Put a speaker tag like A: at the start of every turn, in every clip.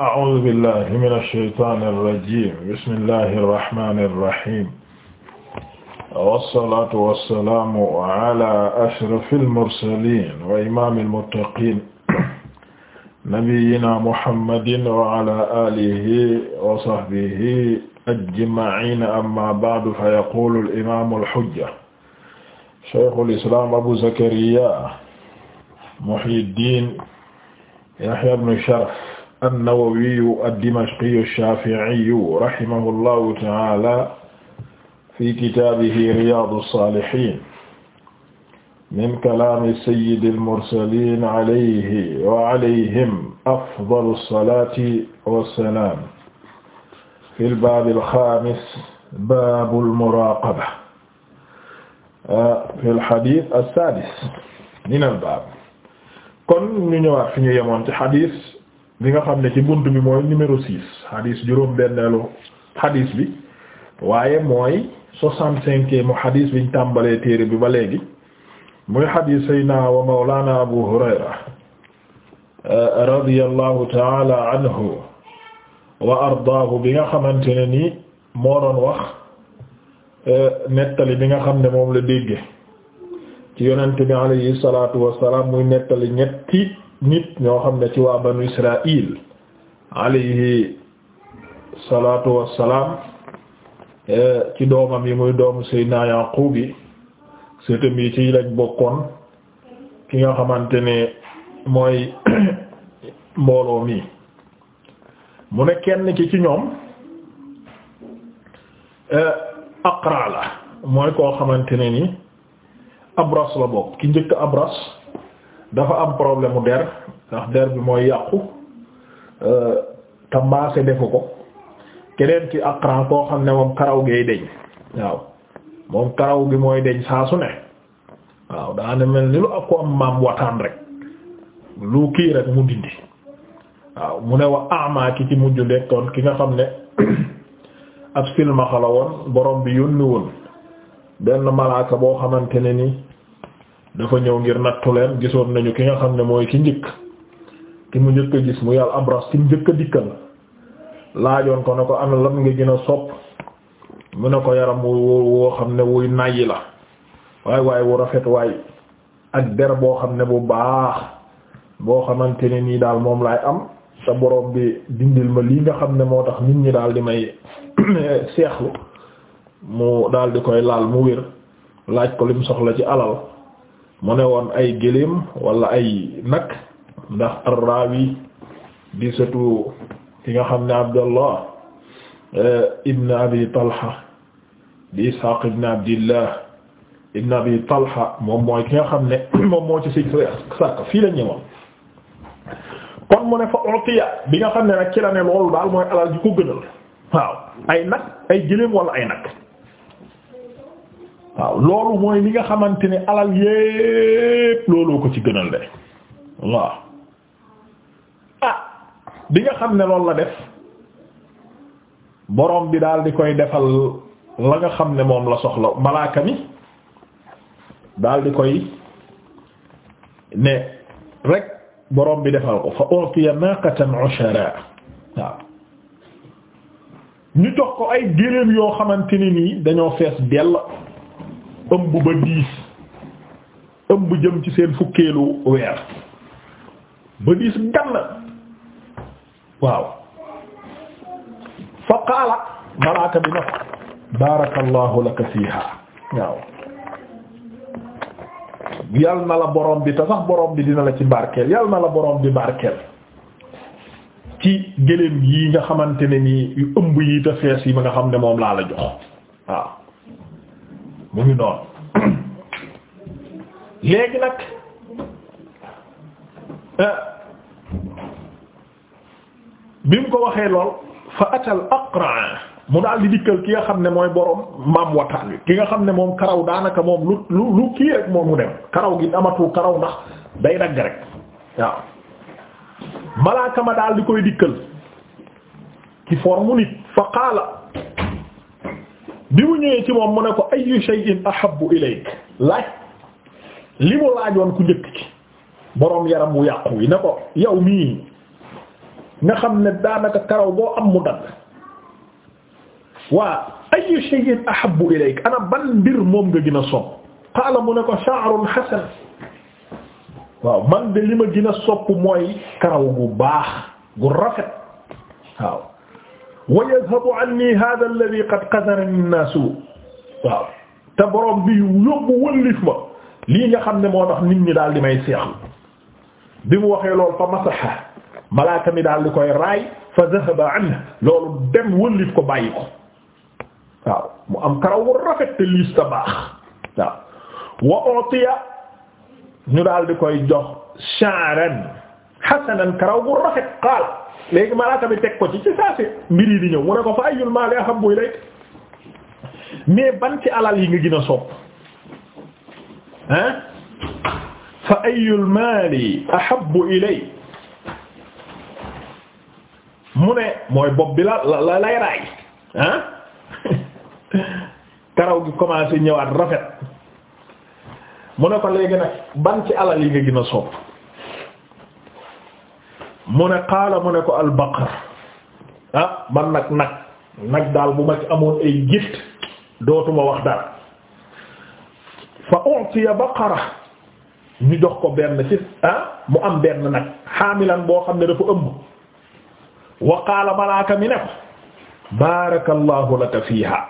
A: أعوذ بالله من الشيطان الرجيم بسم الله الرحمن الرحيم والصلاة والسلام على أشرف المرسلين وإمام المتقين نبينا محمد وعلى آله وصحبه أجمعين أما بعد فيقول الإمام الحجة شيخ الإسلام أبو زكريا محي الدين يحيى بن شرف an-Nawawiyu ad-Dimashqiyu ash-Shafi'iyu rahimahullahu ta'ala fi kitaabihi Riyaadu s-Saalihiin min kalaami sayyidi al-mursaliin alayhi wa alayhim afdalu s-salaati wa s-salaam fi l-baabi l-xaamis baabu l-muraaqaba fi l-hadiis as-saadis min al-baab kon ñu ñëwaat fi ñu yemoon ci hadiis bi nga xam ne ci bunt bi mooy numéro six hadis juróom benneelu hadis bi waaye mooy soixante cinquième mu hadis biñ tàmbalee téere bi ba léegi muy hadis sayna wa mawlana abu hurayra eh, radiyallahu taala anhu wa ardaahu bi nga xamante ne nii moo doon wax eh, nettali bi nga xam ne moom la dégge ci yonent bi alayhi salaatu wassalaam muy nettali ñetti nit ñoo xam ne ci waa banu Israaïl alayhi salaatu wassalaam eh, ci doomam yi muy doomu Seydina Yaqub yi sëtam yi ci lañ bokkoon ki nga xamante ne mooy mbooloo mi mu ne kenn ki ci ñoom eh, aqra mooy koo xamante ne ni abras la bokk ki njëkk abras dafa am problème mu der ndax der bi mooy yàqu euh, te maase defu ko keneen ci akran koo xam ne moom karaw gay deñ waaw moom karaw gi mooy deñ saa su ne waaw daana mel ni lu ak ko am maam wataan rek lu kii rek mu dindi waaw mu ne wax ama ki ci mujj nekkoon ki nga xam ne ab silmaxa woon borom bi yónni woon benn malaaka boo xamante ne ni dafa ñëw ngir nattu leen gisoon nañu ki nga xam ne mooy ki njëkk ki mu njëkk a gis mu yàlla abras ki mu njëkk a dikkal laajoon ko ne ko ana lan nga gën a sopp mu ne ko yaram wu woo xam ne wuy nayi la waaye waaye wu rafet waay ak der boo xam ne bu baax boo xamante ne nii daal moom laay am te borom bi dindil ma lii nga xam ne moo tax nit ñi daal di may seexlu mu dal di koy laal mu wér laaj ko lim soxla ci alal mu ne woon ay gëléem wala ay nag ndax arraawi di sëtu ki nga xam ne abdallah eh, ibn abi talha di ishaq ibn abdillah ibn abi talha moom mooy nga xam ne moom moo ci si sàkk fii la ñëwoon kon mu ne fa utiya bi nga xam ne nag ci la ne daal mooy alal ji ko gënal waaw ay nag ay gëléem wala ay nag waaw loolu mooy li nga xamante ne alal yépp looloo ko ci gënal de waaw ah bi nga xam ne loolu la def borom bi daal di koy defal la nga xam ne moom la soxla malaaka mi daal di koy ne rek boroom bi defal ko fa utiya naqatan ushara waaw ñu jox ko ay gëléem yoo xamante ne nii dañoo fees dell ëmb ba diis ëmb jëm ci seen fukkeelu weer ba diis gann waaw fa malaaka bi na ko barakallahu laka fiiha waaw yal na la borom bi te sax borom bi dina la ci barkeel yal na la borom bi barkeel ci gëléem yi nga xamante ne nii yu ëmb yi te fees yi ma nga xam ne moom laa la jox waaw mu ngi noonu léegi nag euh, bi mu ko waxee lool fa atal aqra mu daal di dikkal ki nga xam ne mooy borom maam wataan wi ki nga xam ne moom karaw daanaka moom lu lu lu kii rek moom mu dem karaw gi amatu karaw ndax day dagg rek waaw malaaka daal di koy dikkal ci forme nit fa qaala bi mu ñëwee ci moom mu ne ko ayyu shay'in ahabbu ilayk laaj li mu laajoon ku njëkk ci boroom yaram wu yàqu yi ne ko yow mii nga xam ne daanaka karaw boo am mu dagg waa ayyu shay'in ahabbu ilayk ana ban mbir moom nga gën a sopp qaala mu ne ko sha'run hasan waaw man de li ma gën a sopp mooy karaw gu baax gu rafet waaw wa yadhabu anni hadha alladhi qad qadarani an-naasu waaw te borom bi yóbbu wëllif ma lii nga xam ne moo tax nit ñi daal di may seexlu bi mu waxee lool fa masaha malaaka mi daal di koy raay fa dhahaba anhu loolu dem wëllif ko bàyyi ko waaw mu am karaw rafet te liis ta baax waaw wa utiya ñu daal di koy jox sha'ran hasanan karaw bu rafet qaala léegi malaaka bi teg ko ci ci saa si mbir di ñëw mu ne ko fa ayyul maali ahabbu ilayk mais ban ci alal yi nga gën a soob hein fa ayyul maali ahabbu ilayk mu ne mooy bopp bi la la lay raay hein karaw gi commencé ñëwaat rafet mu ne ko léegi nag ban ci alal yi nga gin a soob mu ne qaala mu ne ko albaqar ah man nag nag nag daal bu ma ci amoon ay gitt dootuma wax dara fa u'tiya baqara ñu jox ko benn ci ah mu am benn nag xaamilan boo xam ne dafa ëmb wa qaala malaaka mi ne ko baarakallahu laka fiiha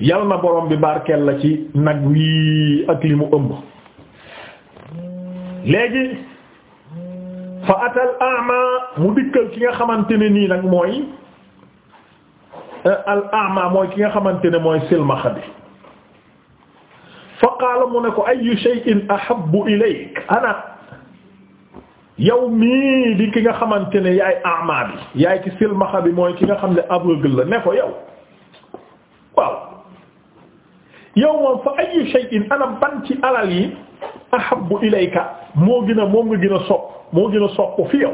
A: yal na borom bi barkeel la ci nag wii ak li mu ëmb léegi fa atal ama mu dikkal ki nga xamante ne nii nag mooy eh, al ama mooy ki nga xamante ne mooy silmaxa bi fa qaala mu ne ko ayu shay'in ahabbu ilayk ana yow mii di ki nga xamante ne yaay ama bi yaay ci silmaxa bi mooy ki nga xam ne aveugle la ne ko yow waaw yow moom fa ayu shay'in ana ban ci alal yi ahabbu ilayka moo gën a moom nga gën a sopp moo gën a sopp fi yow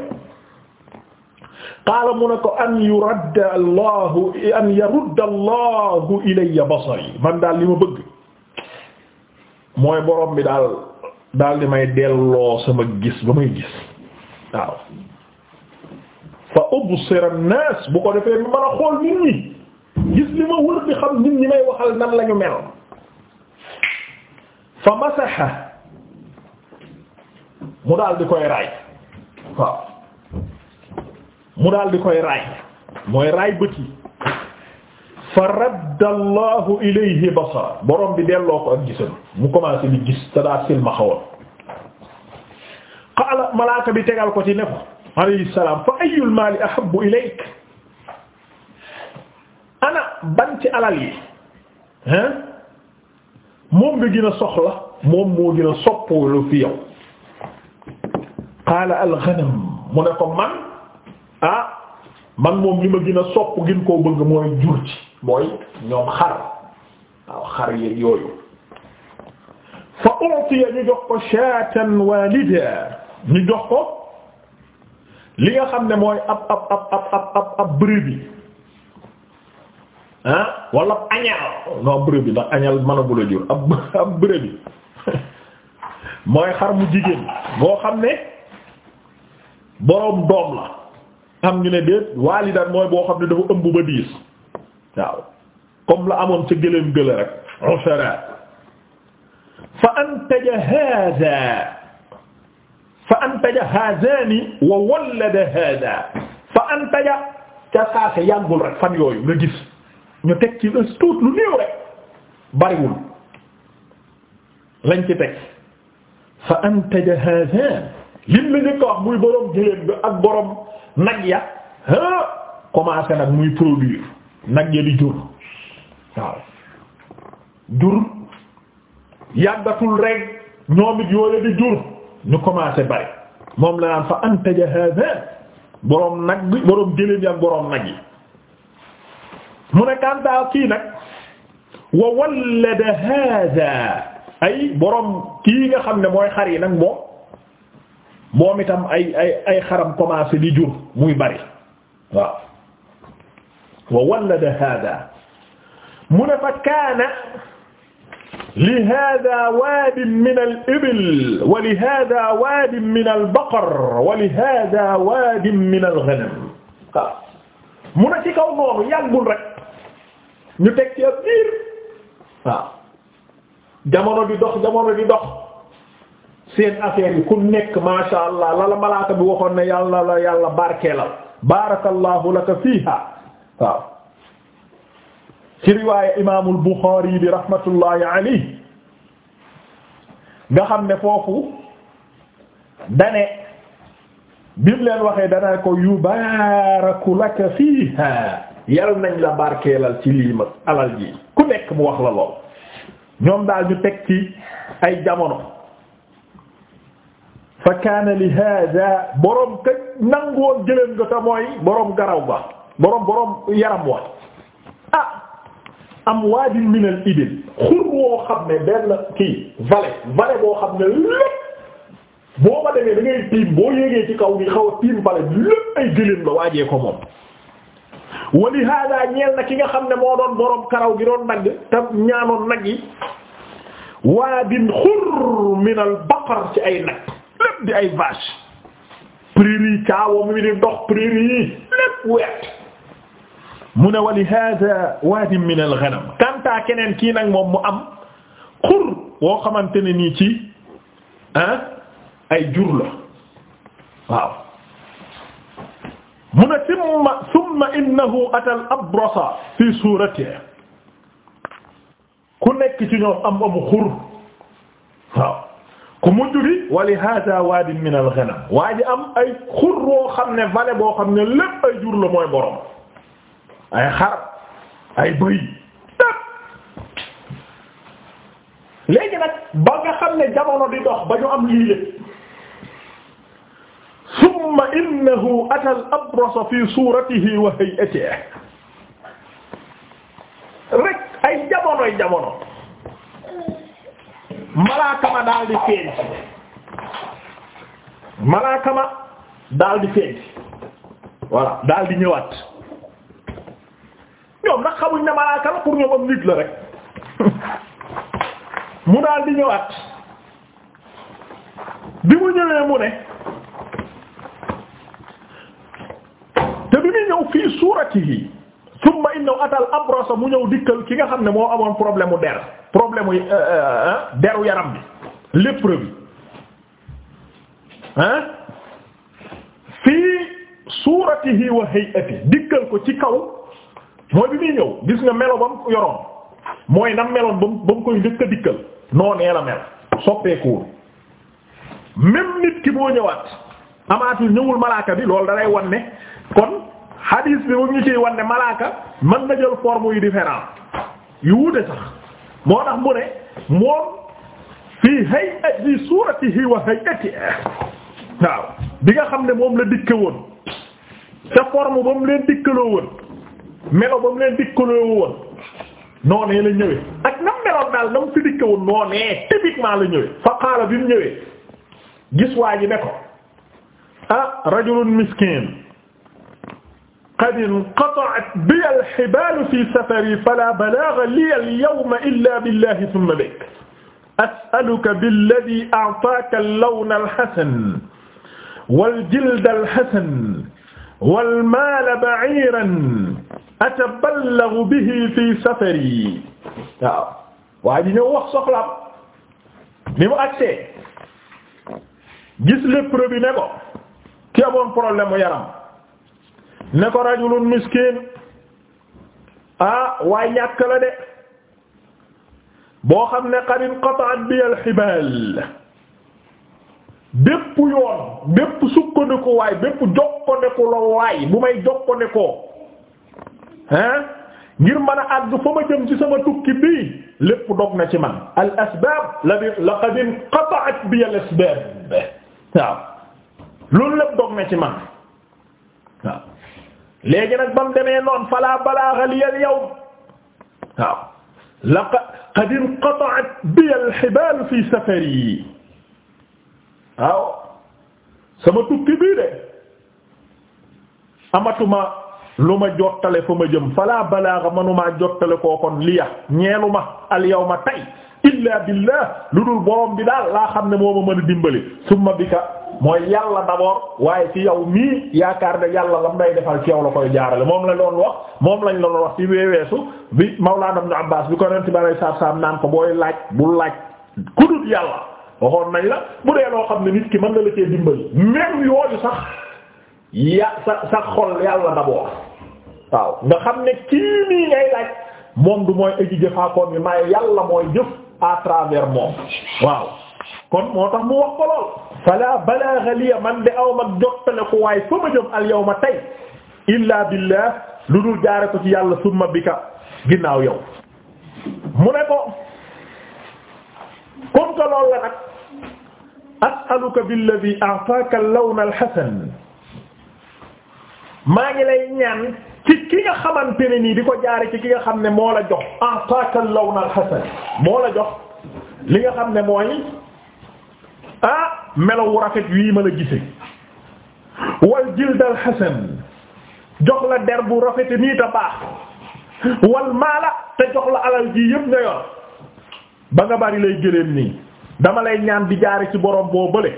A: qaala mu ne ko an yuradda allahu an yarudda allahu ilayya basari man daal li ma bëgg mooy borom bi daal daal di may delloo sama gis ba may gis waaw fa ubsira an-nas bu ko defee mën a xool nit ñi gis li ma wër di xam nit ñi may waxal nan lañu mel fa masaxa mu daal di koy raay waaw mu daal di koy raay mooy raay bët yi fa radda allahu ilayhi basara borom bi delloo ko ak gisam mu commencé di gis te daa silma xawoon qaala malaaka bi tegal ko ci ne ko alayhi salaam fa ayyul maali ahabbu ilayk ana ban ci alal yi hein moom nga gën a soxla moom moo gën a soppalu fi yow qaala alxanam mu ne ko man ah man moom li ma gën a sopp gën koo bëgg mooy jur ci mooy ñoom xar waaw xar yi yooyu fa utiya ñu jox ko shaatan walida ñu jox ko li nga xam ne mooy ab ab ab ab ab ab ab brebis ah wala añal non bërëb bi ndax añal mënagul a jur ab ab bërëb bi mooy xar mu jigéen boo xam ne boroom doom la am ñu ne déet waalidan mooy boo xam ne dafa ëmb ba diis waaw comme la amoon ca gëléem gëlé rek ushara fa antaja hada fa antaja hadani wa fa antaja ca saase yàggul rek fan yooyu nga gis ñu teg ci tuut lu néew rek bariwul lañ ci teg fa antaja hadan lim la njëkk wax muy borom jëleen bi ak borom nag ya ah commencé nag muy produire nag ya di jur waaw jur yàggatul rek ñoom it di jur ñu commencé bari moom la naan fa antaja hadan borom nag bi borom jëleen yi ak borom nag yi mu ne Kantaa kii nag wa wallada hada ay borom kii nga xam ne mooy xar yi nag moom moom itam ay ay ay xaram commencé di jur muy bari waaw wa wallada hada mu ne fa kaana li hada waadin min al ibil wa li hada waadin min al baqar wa li hada waadin min al ghanam waaw mu ne ci kaw noonu yàggul rek ñu teg ci ab diir waaw jamono di dox jamono di dox seen affaire yi ku nekk masha allah lala malaaka bi waxoon ne yàlla la yàlla barkeelal la laka fiiha waaw ci riwaaya imaamul Buxaari bi rahmatullahi alayhi nga xam ne foofu dane bi mu leen waxee dana ko yubaraku laka fiiha yal nañ la barkeelal ci lii ma alal ji ku nekk mu wax la lool ñoom daal ñu teg ci ay jamono fa kaana li hada boroom ka nangoon jëleen nga ta mooy boroom garaw ba boroom boroom yaram wa a ah am waadin min al ibil xur woo xam ne benn kii vallée vallée boo xam ne lépp boo ma demee da tiim boo yéegee ci kaw gi xaw a tiim vallée bi ay gëléem la waajee ko moom wali hada ñeel na ki nga xam ne moo doon borom karaw gi doon nag te ñaanoon nag yi waadin xur min al baqar ci ay nag lépp di ay vache prairie caawam wi di dox prairie lépp wet mu ne wali hada waadin min al ghanam kanta keneen kii nag moom mu am xur woo xamante ne nii ci ah ay jur la waaw mu ne summa summa innahu atal abrasa fi suratihi ku nekk ci ñoom xur waaw ku mujj gi wali hada waadin min al ghanam waa ji am ay xur boo xam ne vallée boo xam ne lépp ay jur la mooy borom ay xar ay bëy léegi nag ba nga xam ne jamono di dox ba ñu am lii lépp summa innahu atal abrasa fi suratihi wa hay'atihi rek ay jamonoy jamono malaaka ma daal di feeñ malaaka ma daal di feeñ voilà daal di ñëwaat ñoom nag xamuñ ne malaaka la pour ñoom am nit la rek mu daal di ñëwaat bi mu ñëwee mu ne. bi muy ñëw fii suuratihi thumma innahu atal abrasa mu ñëw dikkal ki nga xam ne moo amoon problème mu der problème mu euh, euh, euh, deru yaram bi lépreux bi ah fii suuratihi wa hay'ati dikkal ko ci kaw mooy bi muy ñëw gis nga melo ba mu yoroon mooy nam meloon ba mu ba mu koy njëkk a dikkal noonee la mel soppeekuwul même nit ki boo ñëwaat amaatul ñëwul malaaka bi loolu dalay wan ne kon hadis bi moom ñu ciy wan ne malaaka mën na jël form yu différent yu wuute sax moo tax mu ne moom fii hay'ati suratihi wa hay'atihi waaw bi nga xam ne moom la dikke woon ca forme ba mu leen dikkaloo woon melo ba mu leen dikkaloo woon noonee la ñëwee ak nam meloon daal na fi dikke woon noonee typiquement la ñëwee fa qaala bi mu ñëwee gis waa ji ne ko ah rajulun miskin qad inqata'at biya al-hibaal fi safari falaa balaaga liya al-yawma illaa billaahi thumma bika as'aluka billadhii a'taaka al-lawna al-hasan wal-jilda al-hasan wal-maala ba'iiran ataballagu bihi fi safari waaw waa ji ñëw wax soxlaam ni mu agsee gis lépp rëbb ne ko ki amoon problème mu yaram ne ko rajulun miskin ah waaye ñàkk la de boo xam ne qad inqata'at bi al-hibaal bépp yoon bépp sukkandiku waay bépp jokkandiku la waay bu may jokkandikoo hein ngir mën a àgg fa ma jëm ci sama tukki bii lépp dog na ci man al asbaab la laqad inqata'at bi al waaw loolu lépp dog na ci man waaw léegi nag ba mu demee noon fala balaaxa liya al-yawm waaw laqad qad inqata'at bi al-hibaal fi safari waaw sama tukki bii de amatuma lu ma jottale fa ma jëm fala balaaxa manuma jottale koo kon liya ñeeluma al-yawma tey illa billah lu dul borom bi daal laa xam ne moo ma mën a dimbali summa bika mooy yàlla d'abord waaye ci yow mii yaakaar ne yàlla lam day defal ci yow la koy jaarale moom la doon wax moom lañ la doon wax ci weeweesu bi Mawlana Ibn Abbas bi ko nen ci balay saab saab naan ko booy laaj bu laaj yàlla waxoon nañ bu dee loo xam ne nit ki mën na la cee dimbali même yooyu sax ya sa sax xol yàlla d'abord waaw nga xam ne kii nii ngay laaj moom du mooy aji jëfaakoon bi maay yàlla mooy jëf à travers moom waaw kon moo tax mu wax ko lool fala balagha liya man de aw mag jottale ko waaye fa ma jëm al yawma tey illa billah lu dul jaare ko ci yàlla summa bika ginnaaw yow mu ne ko comme que loolu la nag as'aluka billadhi a'taaka maa ngi lay ñaan ci ki nga xamante ne di ko jaare ci ki nga xam ne moo la jox a'taaka al-lawn moo la jox li nga xam ne mooy ah melawu rafet wii ma la gise wal jildal xasan jox la der bu rafete nii te baax wal maala te jox la alal ji yëpp nga yor ba nga bari lay gëléem nii dama lay ñaan di jaare ci borom boo bële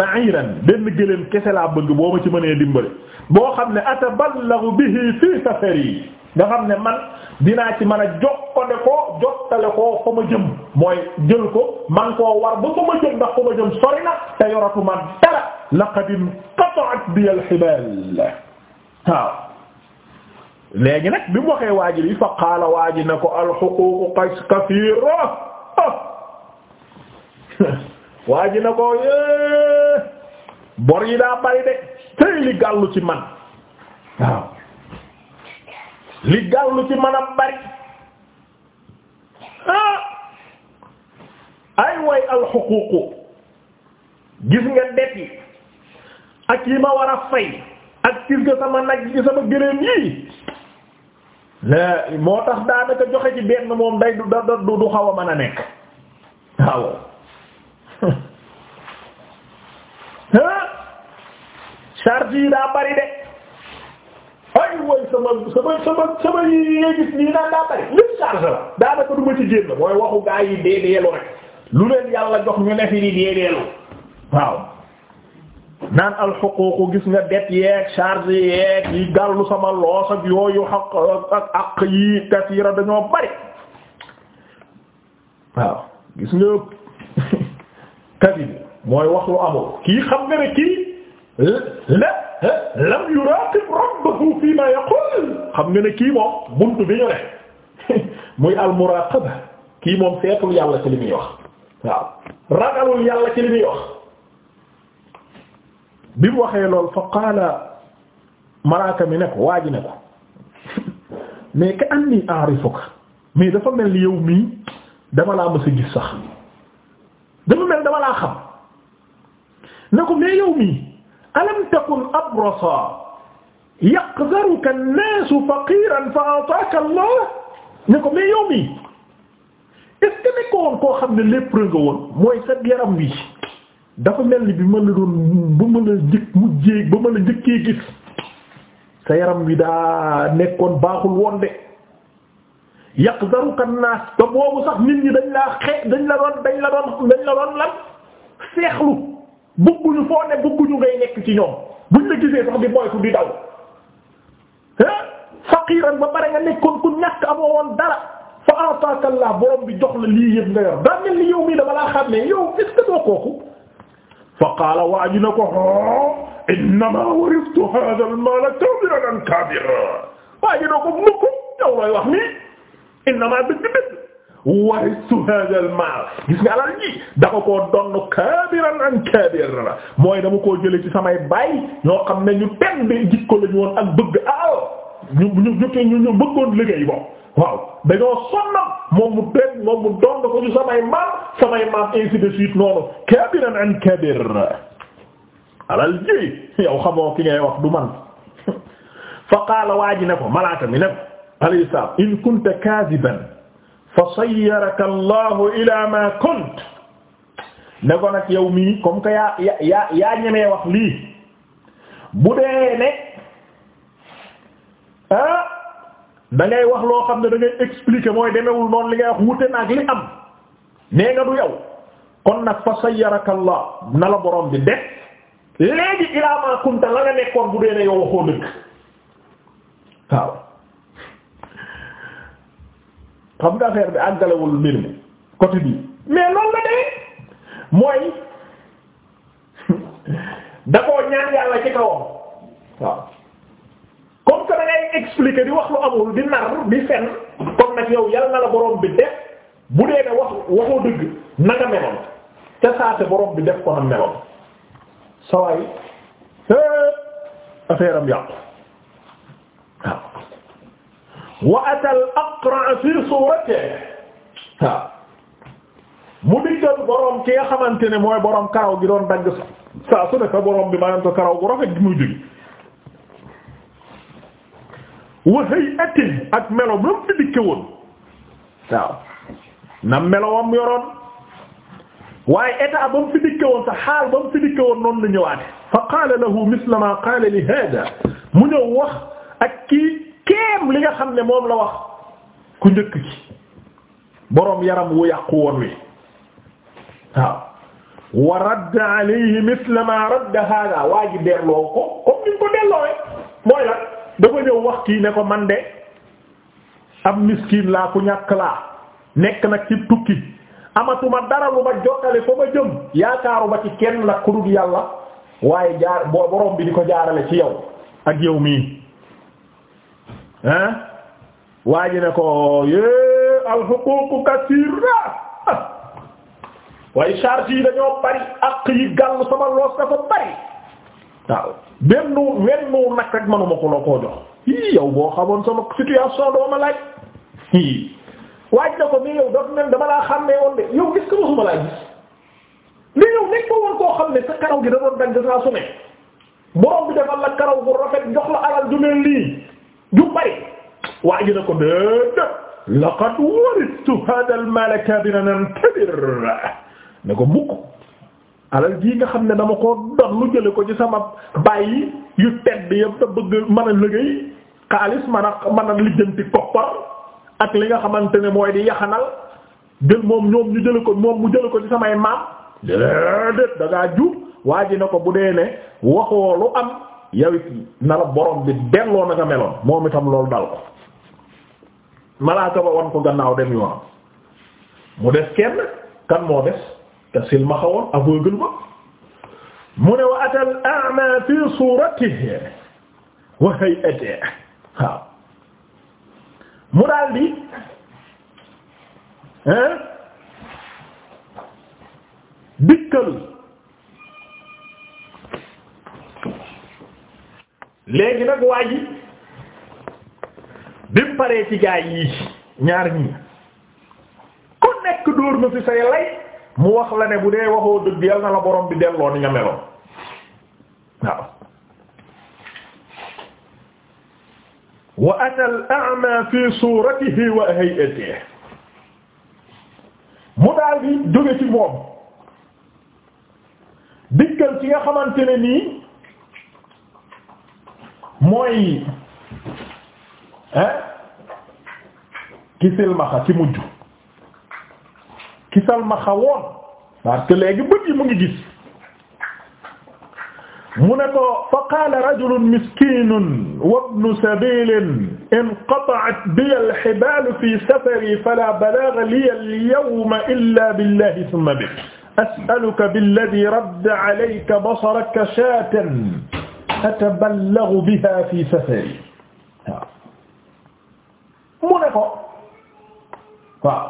A: ba'iran benn gëléem kese laa bëgg boo ci mënee dimbale boo xam ne ataballahu bihi fii safari nga xam ne man dinaa ci mën a jokkale koo jottale koo fa ma jëm mooy jël ko man koo war ba fa ma jëm ndax fa ma jëm sori na te dara laqad inqata'at bi al-hibaal waaw léegi bi mu waxee waaji fa qaala waaji ne ko al-huquuqu qas kasiira ne ko bor yi daa bari de tey li gàllu ci man waaw li gaaw gàllu ci man a bari ah ay way alxuquuqu gis nga det ak yi ma war a fay ak gis nga sama nag gi sama gëléem yi moo tax daanaka joxe ci benn moom day du da du du xaw a mën a nekk waaw ah charge yi daa bari de ay woy sama sama sama sama yi ngay gis nii naan daa bari lépp charge la du ma ci génn mooy waxu gaa yi lu leen yàlla jox ñu ne fi di dee deelu waaw naan alxuquuqu gis nga det yeeg charge yeeg yi gàllu sama loos ak yooyu xaq ak ak yi kasiira dañoo bari waaw gis nga kasi mooy wax lu amul kii xam nga ne kii lépp lam yuraqib rabbahu fi ma yaqul xam nga ne kii moom buntu bi ñu ne muy al muraqaba kii moom seetul yàlla ci li muy wax waaw ragalul yàlla ci li muy wax bi mu waxee lool fa qaala malaaka mi ne ko waa ji ne ko mais ka anni a'rifuka mais dafa mel ni yow mii dama laa mës a gis sax dafa mel dama laa xam ne ko mais yow mii alam takun abrasa yaqdaruka an-naasu faqiran fa ataaka Allah ne ko mais yow mii est ce que nekkoo woon koo xam ne lépreux nga woon mooy sa yaram wi dafa mel ni bi ma la doon ba ma la njëkk mujjee ba ma la njëkkee gis sa yaram wi daa nekkoon baaxul woon de yaqdaruka an-naas te boobu sax nit ñi dañ laa xe dañ la doon dañ la doon dañ la doon lan seexlu. bëgguñu foo ne bëgguñu ngay nekk ci ñoom bu la gisee sax di moytu di daw ah faqiran ba pare nga nekkoon ku ñàkk amoo woon dara fa ataka Allah borom bi jox la lii yëpp nga yor daa mel ni yow mii dama laa xam ne yow est kooku fa qaala waa ji na ko ah, innama warithtu hadha al-mala kabiran ko mukk yow wax nii innama dëgg dëgg warisu hada al maal gis nga alal ji dafa koo donn kabiran an kabir mooy dama koo jële ci samay baay ñoo xam ne ñu ten bi jikko lañu woon ak bëgg alal ñu ñu ñu ñu bëggoon liggéey boobu waaw dañoo sonna moom mu ten moom mu donn ko ci samay maam samay maam ainsi de suite noonu kabiran an kabir alal ji yow xamoo ki ngay wax du man fa qaala waa ji ne ko malaaka mi ne ko alayhi salaam in kunta kaadiban fa sayyaraka allahu ila ma kunt ne ko nag yow mii comme que yaa yaa yaa ñemee wax lii bu dee ne ah da ngay wax loo xam ne da ngay expliquer mooy demewul noonu li ngay wax wute naag li am nee nga du yow kon nag fa sayyaraka allah na la borom bi def léegi ila ma kunta la nga nekkoon bu dee ne yow waxoo dëgg waaw xam nga affaire bi àggalewul mbir mi côté bi mais loolu la dee mooy da ñaan yàlla ci kawam waaw comme que da ngay expliquer di wax lu amul di nar di fen kon nag yow yal na borom bi def bu dee ne wax waxoo dëgg na meloon ca saase borom bi def ko na meloon sawaay affaire am yàqu waaw wa atal aqra fi suratihi mu diggal borom ki nga xamante ne mooy borom karaw gi doon dagg saa su borom bi maanaam ko karaw gu rafet gi muy jógi wa hay'atihi ak melo mu fi dikke woon waaw na melowam yoroon waaye état ba mu fi dikke woon sa xaal fi dikke woon noonu la ñëwaate fa qaala lahu misla ma qaala li hada mu ñëw wax kii kéem li nga xam ne moom la wax ku njëkk ci boroom yaram wu yàqu woon wi waaw wa radd alayhi mithla ma radd hada waa ji delloo ko comme ni ñu ko delloowee mooy la dafa ñëw wax kii ne ko man de am miskin laa ku ñàkk laa nekk nag ci tukki amatuma dara lu ma jottale fa ma jëm yaakaaru ba ci kenn la ku dul yàlla waaye jaar boroom bi di ko jaarale ci yow ak yow mii ah waa ji ne ko yé alxuququ kasira waaye charge yi dañoo bari ak yi gàll sama loos dafa bari waaw benn wenn nag manuma ko la koo jox i yow boo xamoon sama situation dooma laaj waaj na ko mais yow daf nen dama laa xàmmee woon de yow gis ko mosuma laa gis mais yow nekk ko koo xam ne sa karaw gi da doon dagg saa su ne bi defal la karaw bu rafet jox la alal ju mel ju bari waa ji na ko déedéet laqad waristu hada al mala kabira nantabir ne ko mukk alal jii nga xam ne dama ko dox lu jële ko ci sama bàyyi yu tedd yëpp te bëgg mën a liggéey xaalis man a mën a lijjanti koppar ak li nga xamante ne mooy di yaxanal jël moom ñoom ñu jële ko moom mu jële ko ci samay maam déedéet da ngaa waa ji na ko bu dee ne waxoo lu am yow it na la borom bi delloo na nga meloon moom itam loolu dal ko malaaka ba wan ko gannaaw dem yoonam mu des kenn kan moo des te silmaxa woon aveugle ba mu ne wa atal fi suratihi mu daal di dikkal léegi nag waa ji bi paree ci gaay yi ñaar ñii ku nekk dóor na fi say lay mu wax la ne bu dee waxoo dëgg na la borom bi delloo ni nga meloon waaw wa ata al a'ma fi suratihi wa hay'atihi mu daal di jóge ci moom dikkal ci nga xamante ne nii mooy hein ki silmaxa ci mujj ki silmaxa woon parce que léegi bët yi mu ngi gis mu ne ko fa qaala rajulun miskinun wa ibnu sabilin inqata'at bi al-hibaal fi safari fala balaaga liya al-yawma illa billahi thumma bik as'aluka billadhi radda alayka basaraka shaatan ataballagu biha fi safari waaw mu ne ko waaw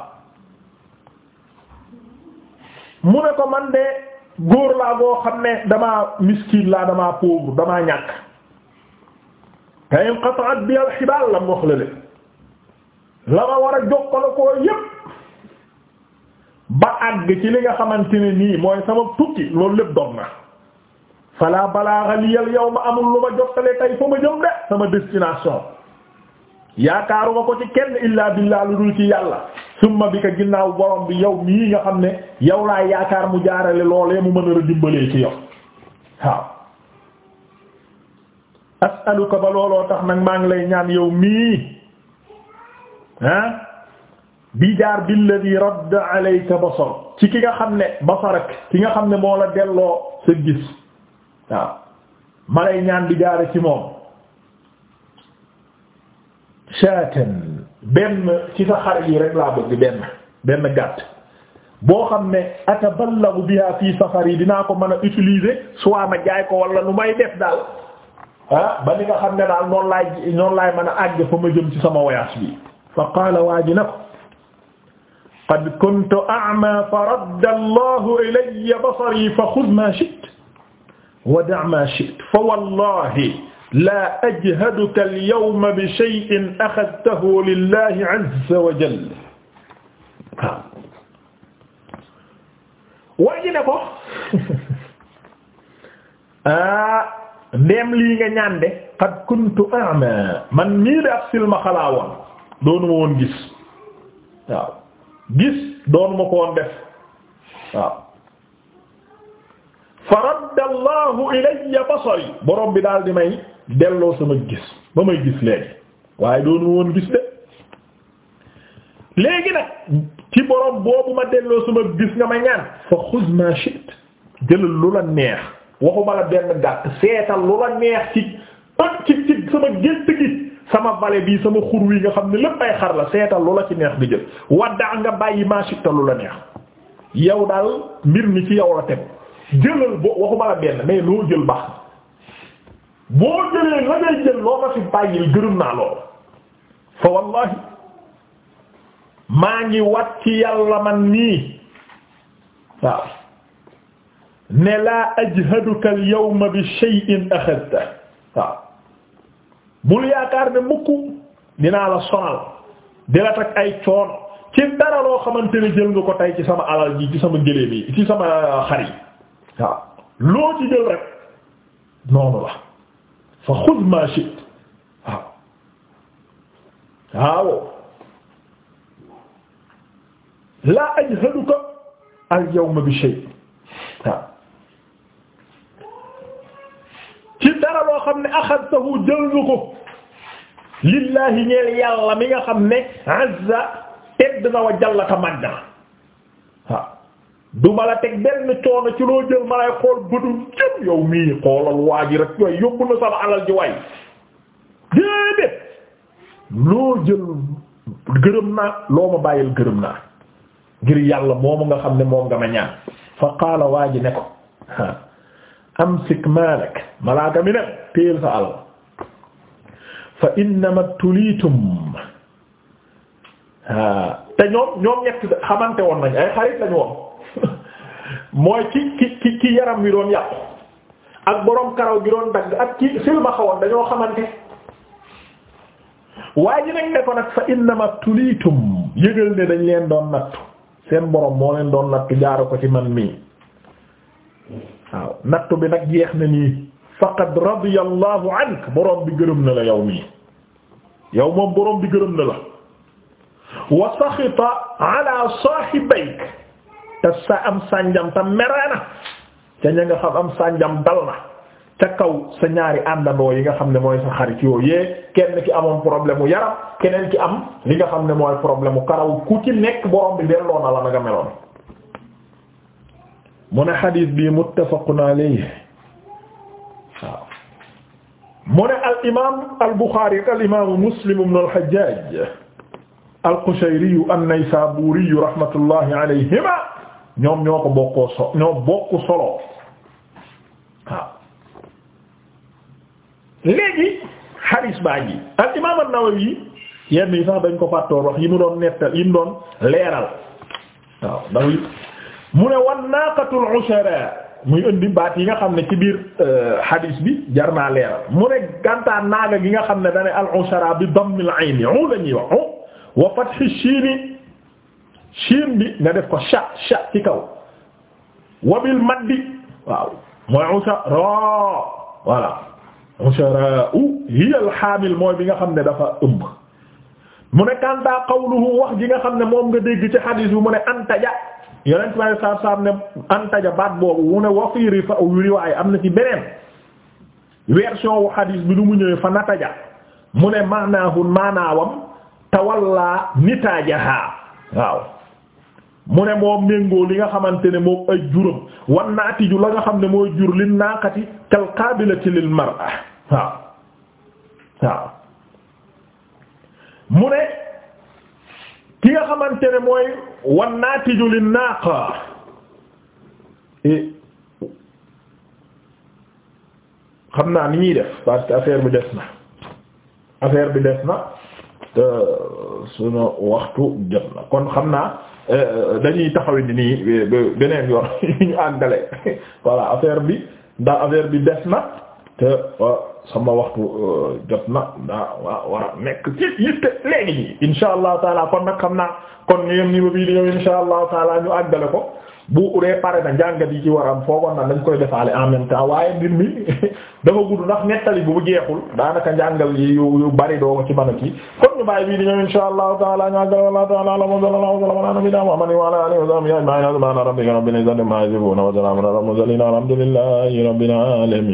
A: mu ne ko man de góor laa boo xam ne damaa miskiin laa damaa pauvre damaa ñàkk ka inqata'at bi alxibaal la mu wax la leen la ma war a jokkale ko yépp ba àgg ci li nga xamante ni nii mooy sama tukki loolu lépp dog na fala balaaxa liyal yow ma amul lu ma jottale tay fa ma jëm de sama destination yaakaaruma ko ci kenn illaa billaa lu dul ci yàlla summa bi ka ginnaaw borom bi yow mii nga xam ne yow laa yaakaar mu jaarale loolee mu mën a dimbalee ci yow waaw asaluka ba looloo tax nag maa ngi lay ñaan yow mii ah bi jaar billadi radd alayka basar ci ki nga xam ne basarak ki nga xam ne moo la delloo sa gis waaw ma lay ñaan di jaare ci moom shaatan benn ci sa xar yi rek laa bëgg benn benn gàtt boo xam ne ataballagu biha fii safar yi dinaa ko mën a utiliser soit ma jaay ko wala lu may def daal ah ba ni nga xam ne daal noonu laay noonu laay mën a àgg fa ma jëm ci sama voyage bi fa qaala waa ji na ko qad kuntu a'ma fa radda allahu ilayya basari fa khudh ma shi'ta wa da' ma shi'ta fa wallahi laa ajhaduka al-yawma bi shay'in akhadtahu lillahi 'azza wa jalla waaw waa ji ne ko ah, ndeem lii nga ñaan de qad kuntu a'ma man mii de ak silma xalaa woon doonuma woon gis waaw gis doonuma ko woon def waaw fa radda allahu ilayya basari borom bi daal di may delloo sama gis ba may gis léegi waaye doonu woon gis de léegi nag ci borom boobu ma delloo sama gis nga ma ñaan fa xuz ma shi'ta lu la neex waxuma la benn gàtt seetal lu la neex ci ëpp ci sama gént gi sama vallée bii sama xur wi nga xam ne lépp ay xar la seetal lu la ci neex di jël wadda nga bàyyi ma shi'ta lu la neex yow daal mbir mi ci yow la tegu jëlal boo waxuma la benn mais loo jël baax na boo jëlee la ngay jël loo ma fi bàyyil gërëm naa lool fa wallahi maa ngi wat ci yàlla man nii waaw ne laa ajhaduka al yawma bi shay'in akhadta waaw bul ne mukk dinaa la sonal di la ay coono ci dara loo xamante ne jël nga ko tey ci sama alal ji ci sama gëléem yi ci sama xar yi waaw loo ci jël rek noonu la fa xud ma shi'ta waaw waaw laa ajhaduka al yawma bi shay waaw ci dara loo xam ne axadtahu jël nga ko lillahi ñeel yàlla mi nga xam ne azza tedd na wa jalla ta màgg na du ma la teg benn coono ci loo jël ma lay xool bëtu jëm yow mii xoolal waa ji rek yóbbu na sama alal ji waay déedéet loo jël gërëm naa loo ma bàyyil gërëm naa ngir yàlla moomu nga xam ne moom nga ma ñaan fa qaala waa ji ne ko amsik maalak malaaka mi ne téel sa alal fa innama tuliitum te ñoom ñoom ñett xamante woon nañ ay xarit lañu woon mooy ki ki ki ki yaram wi doon yàqu ak borom karaw gi doon dagg ak ki silma xawoon dañoo xamante waaye ji ne ko nag fa innama tuliitum yëgal ne dañ leen doon nattu seen borom moo leen doon nattu jaara ko ci man mii waaw nattu bi nag jeex na nii faqad radiyallahu anka borom bi gërëm na la yow mii yow moom borom bi gërëm na la wa saxita ala saahibayk te sa am sanjam te meraana ca ña nga am sànjam dal na ca kaw sa ñaari àndandoo yi nga xam ne mooy sa xarit yooyee kenn ki amoon problème mu yaram keneen ki am li nga xam ne mooy problème mu karaw ku ci nekk borom bi delloo na la na nga meloon mu ne xadiis bi muttafaqun alayhi waaw mu ne al imaam al buxaari al imaamu al xajjaaj al qushayri an-naysaburi rahmatullahi ñoom ñoo ko bokkoo so ñoo bokku solo waaw léegi xaris baa ngi al imaam an-Nawawi yenn yi sax dañ ko fàttoor wax yi mu doon nettal yi mu doon leeral waaw ndaw yi mu ne wan naaqatul ushara muy indi baat yi nga xam ne ci biir euh, hadis bi jar naa leeral mu ne gantaan naaga gi nga xam ne dane al ushara bi dammil ayni u la ñuy wax wa fathi shiini shiin bi nga def ko sha sha ci kaw wabil maddi waaw mooy ushara voilà ushara hiya al hamil mooy bi nga xam ne dafa ëmb mu ne kanta qawluhu wax ji nga xam ne moom nga dégg ci xadiis bi mu ne antaja yonent baay saab saab ne antaja baat boobu mu ne wa fi riwaay am na ci beneen version wu xadiis bi nu mu ñëwee fa nataja mu ne maanaahun maanaawam tawalla nitaajaha waaw mu ne moo méngoo li nga xamante ne moom ay juram wan ju la nga xam ne mooy jur li naaqati kal qaabilati lil mar'a waaw waaw mu ne ki nga xamante ne mooy wan naati ju li naaqa eh, xam naa ni ñuy def parce que affaire bi des na affaire bi des na te sunu waxtu jot na kon xam naa Euh, dañuy taxaw nii beneen yoon ñu àggale voilà affaire bi ndax affaire bi des na te sama waxtu euh, jot na daa war a nekk ci yitte léegi taala kon nag xam naa kon ñu yem ni ba bii di ñëw insha taala ñu àggale ko bu dee pare na njàngat yi ci waram foogoon na dañ koy defaale en même temps waaye mbir mi dafa gudd ndax nettali bu bu jeexul daanaka njàngal yi yu yu bari doo ko ci mën a kii kon ñu bàyyi bii di ñëw insha allahu taala ñaagala wallahu taala alam sallallahu alayhi wa sallam nabina muhammad wa ala alhamdulillahi rabbil alamin